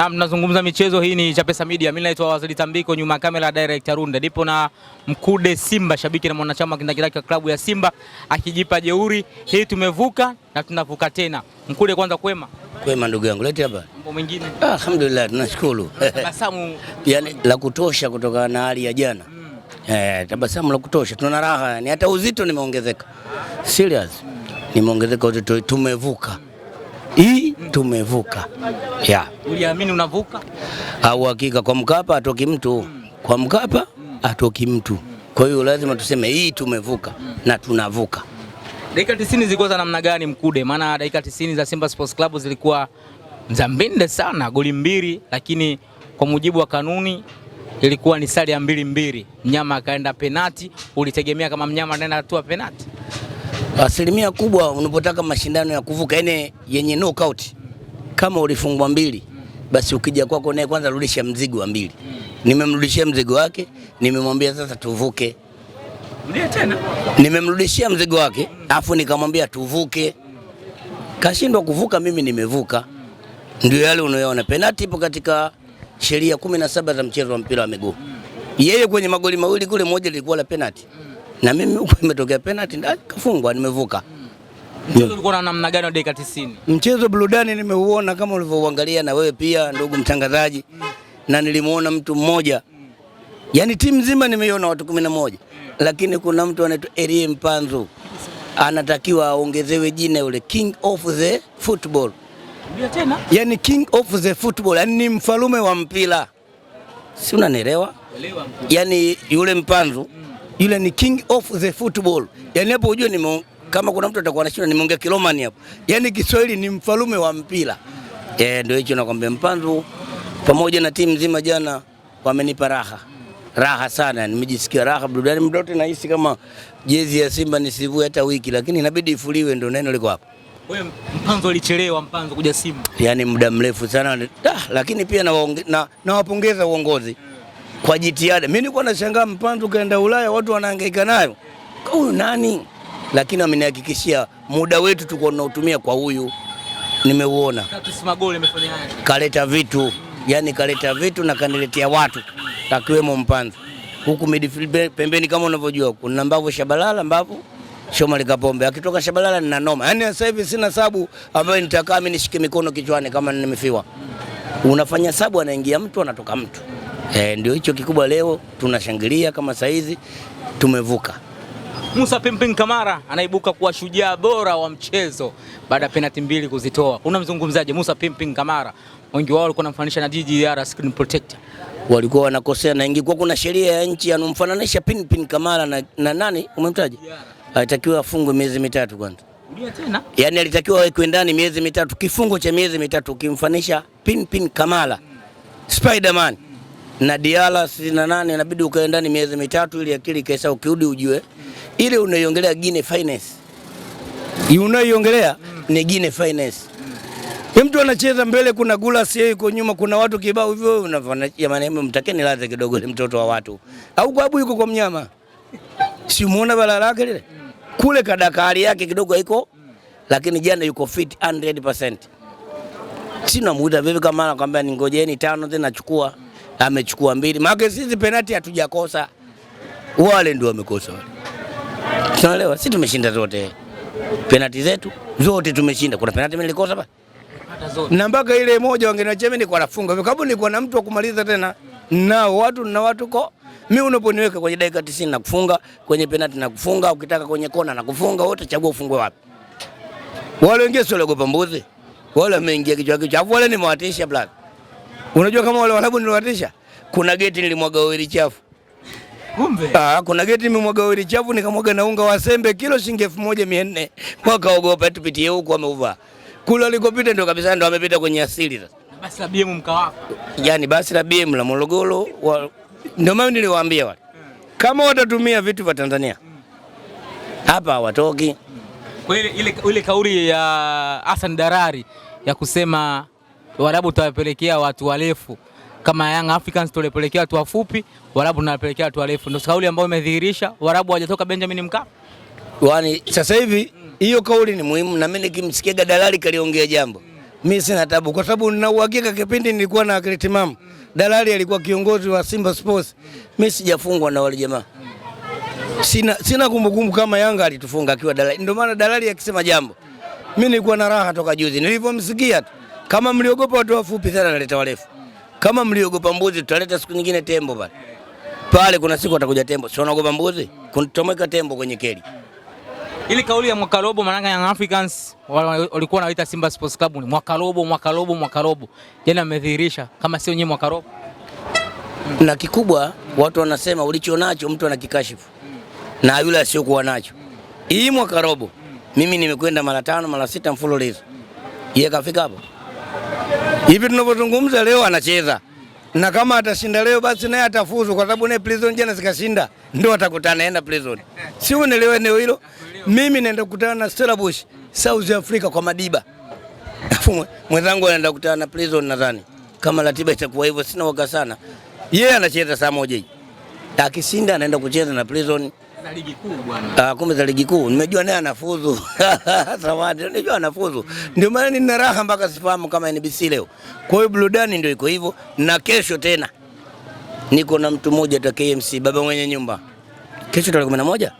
Na tunazungumza michezo. Hii ni Chapesa Media. Mimi naitwa Wazili Tambiko, nyuma ya kamera director Runda. Ndipo na Mkude Simba, shabiki na mwanachama kindakidaki wa klabu ya Simba, akijipa jeuri hii. Tumevuka na tunavuka tena. Mkude, kwanza kwema? Kwema ndugu yangu, leti hapa. Mambo mengine? Ah, alhamdulillah, tunashukuru. Tabasamu yani la kutosha kutokana na hali ya jana. Mm. Eh, tabasamu la kutosha, tuna raha yani, hata uzito nimeongezeka. Serious. Mm. Nimeongezeka uzito, tumevuka. Mm hii tumevuka. ya Uliamini unavuka? Au hakika kwa Mkapa atoki mtu. Kwa Mkapa atoki mtu. Kwa hiyo lazima tuseme hii tumevuka na tunavuka. Dakika 90 zilikuwa za namna gani Mkude? Maana dakika 90 za Simba Sports Club zilikuwa za mbinde sana, goli mbili, lakini kwa mujibu wa kanuni ilikuwa ni sare ya mbili mbili. Mnyama akaenda penati. Ulitegemea kama mnyama anaenda tu penati? Asilimia kubwa unapotaka mashindano ya kuvuka yani yenye knockout, kama ulifungwa mbili, basi ukija kwako naye kwanza rudisha mzigo wa mbili. Nimemrudishia mzigo wake, nimemwambia sasa tuvuke. Tena nimemrudishia mzigo wake, afu nikamwambia tuvuke, kashindwa kuvuka, mimi nimevuka. Ndio yale unayoona. Penalti ipo katika sheria kumi na saba za mchezo wa mpira wa miguu. Yeye kwenye magoli mawili kule, moja lilikuwa la penalti na mimi huko imetokea penalty kafungwa, nimevuka. Mchezo ulikuwa na namna gani wa dakika 90? Mchezo burudani nimeuona kama ulivyouangalia na wewe pia ndugu mtangazaji, na nilimuona mtu mmoja, yaani timu nzima nimeiona watu 11. lakini kuna mtu anaitwa Elie Mpanzu anatakiwa aongezewe jina yule king of the football. Ndio tena? Yaani king of the football, yani ni mfalume wa mpira, si unanielewa? Yaani yule Mpanzu mm. Yule ni king of the football. Yaani hapo ujue ni kama kuna mtu atakuwa anashinda nimeongea Kilomani hapo. Yaani Kiswahili ni mfalume wa mpira. Eh, ndio hicho nakwambia Mpanzu pamoja na timu nzima jana wamenipa raha. Raha sana, nimejisikia raha burudani mdote nahisi kama jezi ya Simba nisivue hata wiki lakini inabidi ifuliwe ndio neno liko hapo. Wewe Mpanzu alichelewa Mpanzu kuja Simba. Yaani muda mrefu sana. Ah, lakini pia nawapongeza na, na uongozi kwa jitihada. Mimi nilikuwa nashangaa Mpanzu kaenda Ulaya, watu wanahangaika nayo huyu nani, lakini amenihakikishia muda wetu tuko tunautumia kwa huyu. Nimeuona kaleta vitu, yani kaleta vitu na kaniletea watu, akiwemo Mpanzu huku midfield pembeni, kama unavyojua kuna Mbavu Shabalala, Mbavu Shomari Kapombe. Akitoka Shabalala nina noma, yani sasa hivi sina sabu ambayo nitakaa mimi nishike mikono kichwani kama nimefiwa. Unafanya sabu, anaingia mtu, anatoka mtu. E, ndio hicho kikubwa leo tunashangilia kama saizi tumevuka. Musa Pimpin Kamara anaibuka kuwa shujaa bora wa mchezo baada ya penalti mbili kuzitoa. Unamzungumzaje Musa Pimpin Kamara? Wengi wao walikuwa wanamfananisha na DDR screen protector. Walikuwa wanakosea na ingekuwa kuna sheria ya nchi anamfananisha Pimpin Kamara na, na nani umemtaja? Alitakiwa afungwe miezi mitatu kwanza. Tena? Yaani alitakiwa awekwe ndani miezi mitatu, kifungo cha miezi mitatu ukimfanisha Pimpin Kamara. Hmm. Spiderman na Diala sitini na nane inabidi ukae ndani miezi mitatu ili akili kesa ukirudi ujue ile unaiongelea Gine Finance, unaiongelea ni Gine Finance. Mtu anacheza mbele, kuna gula yeye yuko nyuma, kuna watu kibao hivyo, unafanya jamani, hebu mtakeni ladha kidogo ni mtoto wa watu. Au kwa kwabu yuko kwa mnyama. Si muona bala lake lile? Kule kadaka hali yake kidogo iko lakini jana yuko fit 100%. Sina muda vipi kama anakuambia ningojeni tano tena nachukua amechukua mbili, maana sisi penati hatujakosa, wale ndio wamekosa wale. Tunaelewa sisi tumeshinda zote penati zetu zote tumeshinda. Kuna penati mimi nilikosa ba na mpaka ile moja wangenachemi ni kwa nafunga kwa sababu nilikuwa na mtu wa kumaliza tena na watu na watu ko mimi unaponiweka kwenye dakika 90 na kufunga kwenye penalti na kufunga, ukitaka kwenye kona na kufunga, wote chagua ufungue wapi. Wale wengine sio lagopa mbuzi, wale wameingia kichwa kichwa, afu wale ni mwatisha black Unajua kama wale Waarabu niliwatisha, kuna geti nilimwaga oili chafu. Kumbe. Ah, kuna geti nimemwaga oili chafu nikamwaga na unga wa sembe kilo shilingi 1400. Wakaogopa tupitie huko ameuvaa. Kule alikopita ndio kabisa ndio amepita kwenye asili sasa. Basi la BM mkawapa. Yaani basi la BM la Morogoro wa... ndio maana niliwaambia wale. Kama watatumia vitu vya Tanzania. Hapa hawatoki. Kwa ile ile kauli ya Hassan Darari ya kusema Waarabu tutawapelekea watu warefu kama Young Africans tulipelekea watu wafupi, Waarabu tunapelekea watu warefu. Ndio kauli ambayo imedhihirisha Waarabu hawajatoka Benjamin Mkapa. Yaani sasa hivi hiyo mm. kauli ni muhimu, na mimi nikimsikia dalali kaliongea jambo mimi sina tabu kwa sababu nina uhakika kipindi nilikuwa na akili timamu, dalali alikuwa kiongozi wa Simba Sports. Mimi sijafungwa na wale jamaa, Mm. sina sina kumbukumbu kama Yanga alitufunga akiwa dalali. Ndio maana dalali akisema jambo, mimi nilikuwa na raha toka juzi nilipomsikia tu. Kama mliogopa watu wafupi sana, naleta warefu. Kama mliogopa mbuzi, tutaleta siku nyingine tembo pale. Pale kuna siku atakuja tembo. sio? unaogopa mbuzi? kunitomeka tembo kwenye keli. Ili kauli ya mwaka robo mananga Young Africans walikuwa wanaita Simba Sports Club ni mwaka robo, mwaka robo, mwaka robo. Jana amedhihirisha kama sio nyinyi mwaka robo. Na kikubwa watu wanasema ulicho nacho mtu anakikashifu. Na yule asiyokuwa nacho. Hii mwaka robo mimi nimekwenda mara tano mara sita mfululizo. Yeye kafika hapo hivi tunavyozungumza leo anacheza na kama atashinda leo basi naye atafuzu, kwa sababu naye prison jana sikashinda, ndio atakutana naenda prison, si unaelewa eneo hilo. Mimi naenda kukutana na Stellenbosch South Africa kwa Madiba, afu mwenzangu anaenda kukutana na prison. Nadhani kama ratiba itakuwa hivyo, sina waga sana. Yeye yeah, anacheza saa moja hii, akishinda anaenda kucheza na prison. Ah, kumbe za ligi kuu nimejua naye anafuzu. Samahani, nimejua anafuzu. Ndio maana nina raha mpaka sifahamu kama NBC leo. Kwa hiyo burudani ndio iko hivyo, na kesho tena niko na mtu mmoja ta KMC, baba mwenye nyumba. Kesho tarehe 11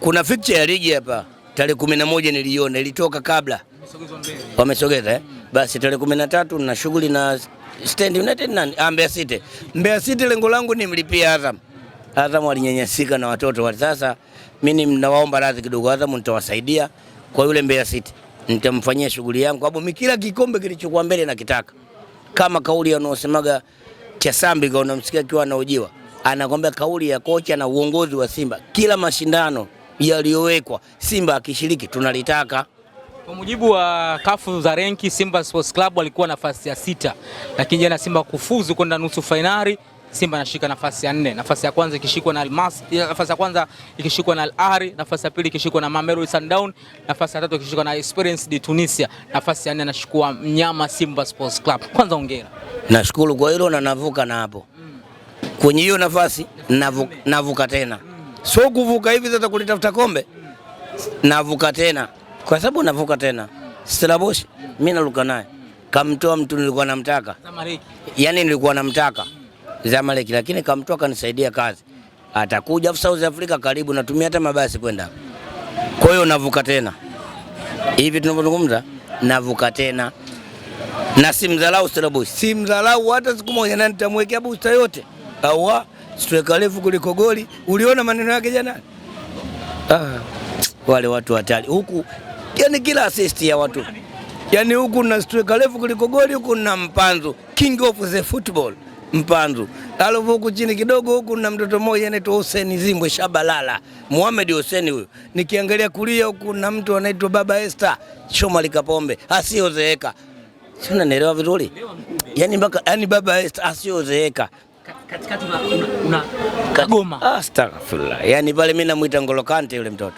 kuna fixture ya ligi hapa tarehe 11 niliona ilitoka kabla, wamesogeza eh? Basi tarehe 13 na shughuli na Stand United nani? Ah, Mbeya City. Mbeya City lengo langu ni mlipia Azam. Azam walinyanyasika na watoto wa sasa. Mimi ninawaomba radhi kidogo Azam nitawasaidia kwa yule Mbeya City. Nitamfanyia shughuli yangu sababu mimi kila kikombe kilichokuwa mbele nakitaka. Kama kauli anaosemaga Chasambi kwa unamsikia akiwa anaojiwa. Anakwambia kauli ya kocha na uongozi wa Simba. Kila mashindano yaliyowekwa Simba akishiriki tunalitaka. Kwa mujibu wa kafu za renki, Simba Sports Club walikuwa nafasi ya sita, lakini jana Simba kufuzu kwenda nusu fainali Simba anashika nafasi ya nne, nafasi ya kwanza ikishikwa na Almas, nafasi ya kwanza ikishikwa na Al Ahly, nafasi ya pili ikishikwa na Mamelodi Sundowns, nafasi ya tatu ikishikwa na Esperance de Tunisia, nafasi ya nne anashikwa mnyama Simba Sports Club. Kwanza hongera. Nashukuru kwa hilo na navuka na hapo. Kwenye hiyo nafasi navuka, navuka tena. Mm. Sio kuvuka hivi sasa kulitafuta kombe. Mm. Navuka tena kwa sababu unavuka tena Stelabosh, mimi naluka naye kamtoa mtu nilikuwa namtaka Zamalek, yani nilikuwa namtaka Zamalek, lakini kamtoa kanisaidia kazi. Atakuja afu South Africa karibu, natumia hata mabasi kwenda. Kwa hiyo navuka tena hivi tunavyozungumza, navuka tena na simdharau Stelabosh, simdharau hata siku moja, na nitamwekea booster yote au streka refu kuliko goli. Uliona maneno yake jana, ah, wale watu hatari huku yani kila assist ya watu yani, huku na striker refu kuliko goli, huku na mpanzu king of the football mpanzu alafu huku chini kidogo huku na mtoto mmoja anaitwa Hussein Zimbwe Shabalala Muhammad Hussein huyu. Nikiangalia kulia huku na mtu anaitwa Baba Esther Shomali Kapombe asiozeeka, si unanielewa vizuri? Yani mpaka yani Baba Esther asiozeeka katikati una, una, una Kagoma. Astaghfirullah, yani pale mimi namuita Ngolo Kante yule mtoto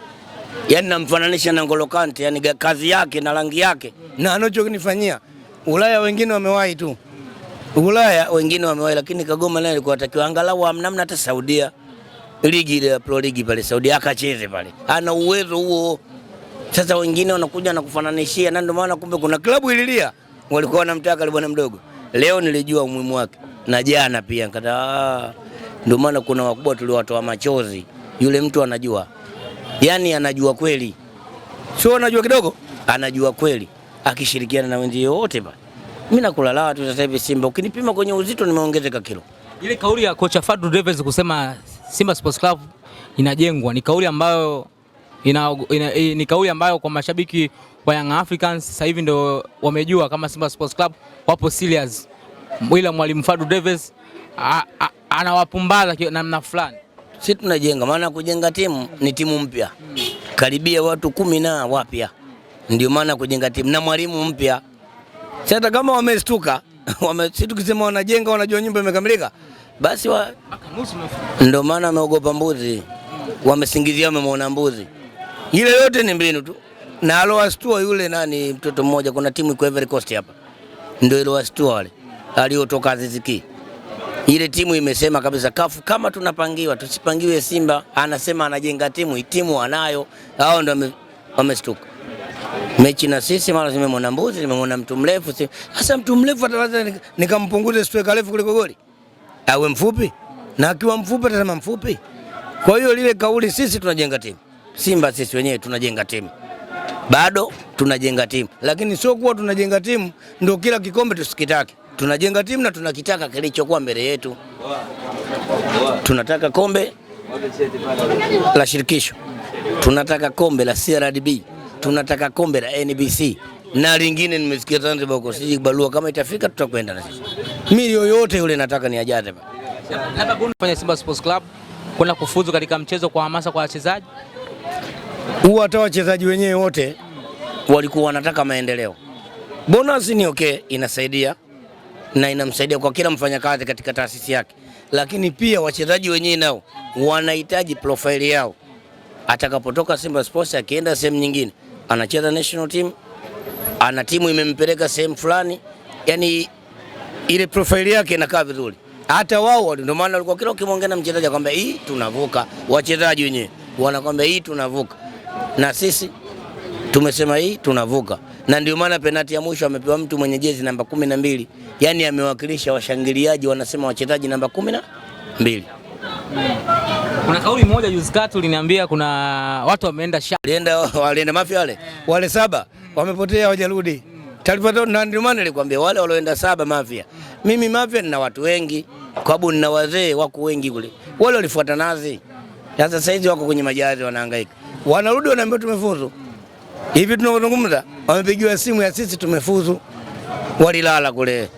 yani namfananisha na N'Golo Kante, yani kazi yake na rangi yake na anachokinifanyia. Ulaya wengine wamewahi tu, Ulaya wengine wamewahi, lakini Kagoma naye alikuwa atakiwa angalau amnamna hata Saudia ligi ile pro ligi pale Saudi akacheze pale, ana uwezo huo. Sasa wengine wanakuja na kufananishia, na ndio maana kumbe kuna klabu ililia, walikuwa wanamtaka bwana mdogo. Leo nilijua umuhimu wake na jana pia nikata, ah. ndio maana kuna wakubwa tuliwatoa machozi. Yule mtu anajua yani anajua kweli, sio anajua kidogo, anajua kweli, akishirikiana na wenzi wote pale. Mimi nakula lawa tu sasa hivi Simba, ukinipima kwenye uzito nimeongezeka kilo. Ile kauli ya kocha Fadlu Davids kusema Simba Sports Club inajengwa ni kauli ambayo ina, ina, ina, ni kauli ambayo kwa mashabiki wa Young Africans sasa hivi ndio wamejua kama Simba Sports Club wapo serious, ila mwalimu Fadlu Davids anawapumbaza namna fulani si tunajenga, maana kujenga timu ni timu mpya, karibia watu kumi na wapya, ndio maana kujenga timu na mwalimu mpya. Sasa kama wamestuka wame, si tukisema wanajenga, wanajua nyumba imekamilika, basi wa... ndio maana ameogopa mbuzi, wamesingizia wamemwona mbuzi. Ile yote ni mbinu tu, na alowastua yule nani, mtoto mmoja, kuna timu iko Ivory Coast hapa, ndio ilowastua wale aliotoka Aziziki ile timu imesema kabisa kafu kama tunapangiwa tusipangiwe Simba, anasema anajenga timu, timu anayo. Hao ndio wamestuka mechi na sisi, mara nimemwona mbuzi, nimemwona mtu mrefu. Sasa mtu mrefu ataweza nikampunguze steka refu kuliko goli? Awe mfupi, na akiwa mfupi atasema mfupi. Kwa hiyo lile kauli, sisi tunajenga timu Simba, sisi wenyewe tunajenga timu bado tunajenga timu, lakini sio kuwa tunajenga timu ndio kila kikombe tusikitake tunajenga timu na tunakitaka kilichokuwa mbele yetu. Tunataka kombe la shirikisho, tunataka kombe la CRDB, tunataka kombe la NBC na lingine nimesikia Zanzibar huko, siji barua kama itafika, tutakwenda na sisi. Mimi yoyote yule nataka ni ajaze ba labda buni fanya Simba Sports Club kuna kufuzu katika mchezo kwa hamasa kwa wachezaji. Huwa hata wachezaji wenyewe wote walikuwa wanataka maendeleo. Bonus ni okay, inasaidia na inamsaidia kwa kila mfanyakazi katika taasisi yake, lakini pia wachezaji wenyewe nao wanahitaji profaili yao. Atakapotoka Simba Sports akienda sehemu nyingine, anacheza national team, ana timu imempeleka sehemu fulani, yani ile profaili yake inakaa vizuri. Hata wao ndio maana walikuwa kila ukimwongea na mchezaji akwambia hii tunavuka, wachezaji wenyewe wanakwambia hii tunavuka, na sisi tumesema hii tunavuka, na ndio maana penati ya mwisho amepewa mtu mwenye jezi namba kumi na mbili, yaani amewakilisha washangiliaji, wanasema wachezaji namba kumi na mbili. Kuna kauli moja juzi kati uliniambia kuna watu wameenda sha walienda walienda mafia wale wale saba wamepotea hawajarudi. Taarifa na ndio maana nilikwambia wale walioenda saba mafia. Mimi mafia nina watu wengi, kwa sababu nina wazee wako wengi kule. Wale walifuata nazi. Sasa saizi wako kwenye majazi wanahangaika. Wanarudi wanaambia tumefuzu hivi tunavyozungumza, wamepigiwa simu ya sisi tumefuzu, walilala kule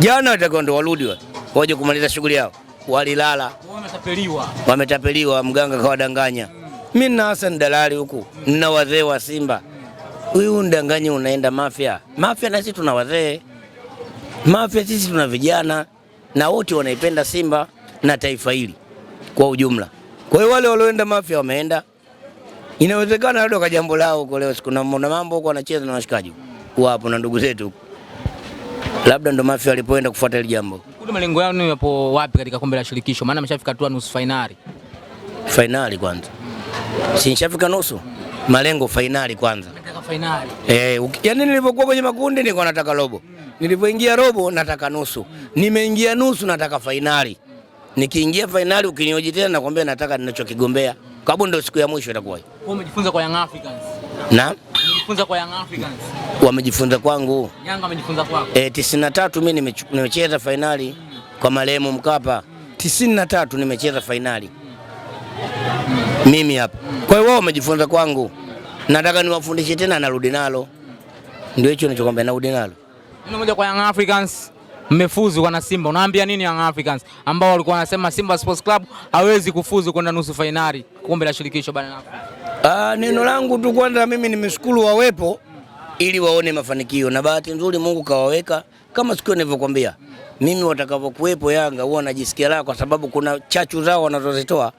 jana, watakiwa ndo warudi waje kumaliza shughuli yao, walilala wametapeliwa, wametapeliwa, mganga kawadanganya. Mimi na Hassan dalali huku na wazee wa Simba, huyu undanganyi, unaenda Mafia. Mafia na sisi tuna wazee Mafia, sisi tuna vijana na wote wanaipenda Simba na taifa hili kwa ujumla. Kwa hiyo wale walioenda Mafia wameenda Inawezekana labda kwa jambo lao huko leo siku na mambo huko anacheza na washikaji huko hapo na ndugu zetu labda ndo Mafia walipoenda kufuata ile jambo. Kuna malengo yao ni yapo wapi katika kombe la shirikisho? Maana ameshafika tu nusu finali. Finali kwanza. Si nishafika nusu. Malengo finali kwanza. Nataka finali. Eh, yaani nilipokuwa kwenye makundi nilikuwa nataka robo. Nilipoingia robo nataka nusu. Nimeingia nusu nataka finali. Nikiingia finali ukinihoji tena nakwambia nataka ninachokigombea. Kabu ndio siku ya mwisho itakuwa hiyo. Wewe umejifunza kwa Young Africans? Naam. Umejifunza kwa Young Africans? Wamejifunza kwangu. Yanga amejifunza kwako. Eh, tatu mimi nimecheza fainali mm. kwa marehemu Mkapa. Mm. tatu nimecheza fainali. Mm. Mimi hapa. Mm. Kwa hiyo wao wamejifunza kwangu. Nataka niwafundishe tena narudi nalo. Ndio hicho ninachokwambia narudi nalo. Neno moja kwa Young Africans mmefuzu kwa na Simba, unaambia nini Young Africans ambao walikuwa wanasema Simba Sports Club hawezi kufuzu kwenda nusu fainali kombe la shirikisho barani Afrika? Ah, neno langu tu kwanza, mimi nimeshukuru wawepo ili waone mafanikio, na bahati nzuri Mungu kawaweka kama siku nilivyokuambia mimi, watakavyokuwepo Yanga huwa najisikia raha kwa sababu kuna chachu zao wanazozitoa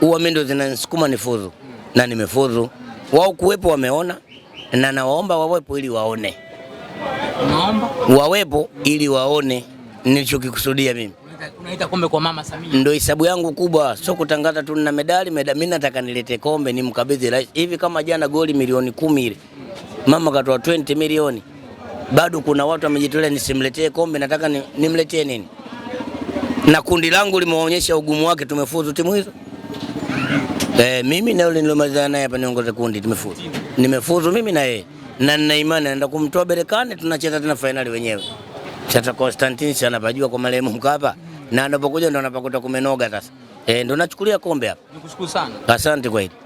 huwa mimi ndo zinanisukuma nifuzu, na nimefuzu. Wao kuwepo wameona, na nawaomba wawepo ili waone wawepo ili waone nilichokikusudia mimi. Unaita kombe kwa Mama Samia. Ndio hisabu yangu kubwa, sio kutangaza tu na medali, meda. mimi nataka nilete kombe nimkabidhi rais. Hivi kama jana goli milioni kumi ile. Mama katoa 20 milioni. Bado kuna watu wamejitolea nisimletee kombe, nataka nimletee nini? Na kundi langu limeonyesha ugumu wake, tumefuzu timu hizo. Eh, mimi na yule niliomaliza naye hapa niongoze kundi tumefuzu. Nimefuzu mimi na yeye na nina imani naenda kumtoa berekani, tunacheza tena fainali wenyewe. Sasa Constantine anapajua kwa marehemu Mkapa na anapokuja ndo anapakuta kumenoga sasa. Eh, ndo nachukulia kombe hapa. Nikushukuru sana. Asante kwa hili.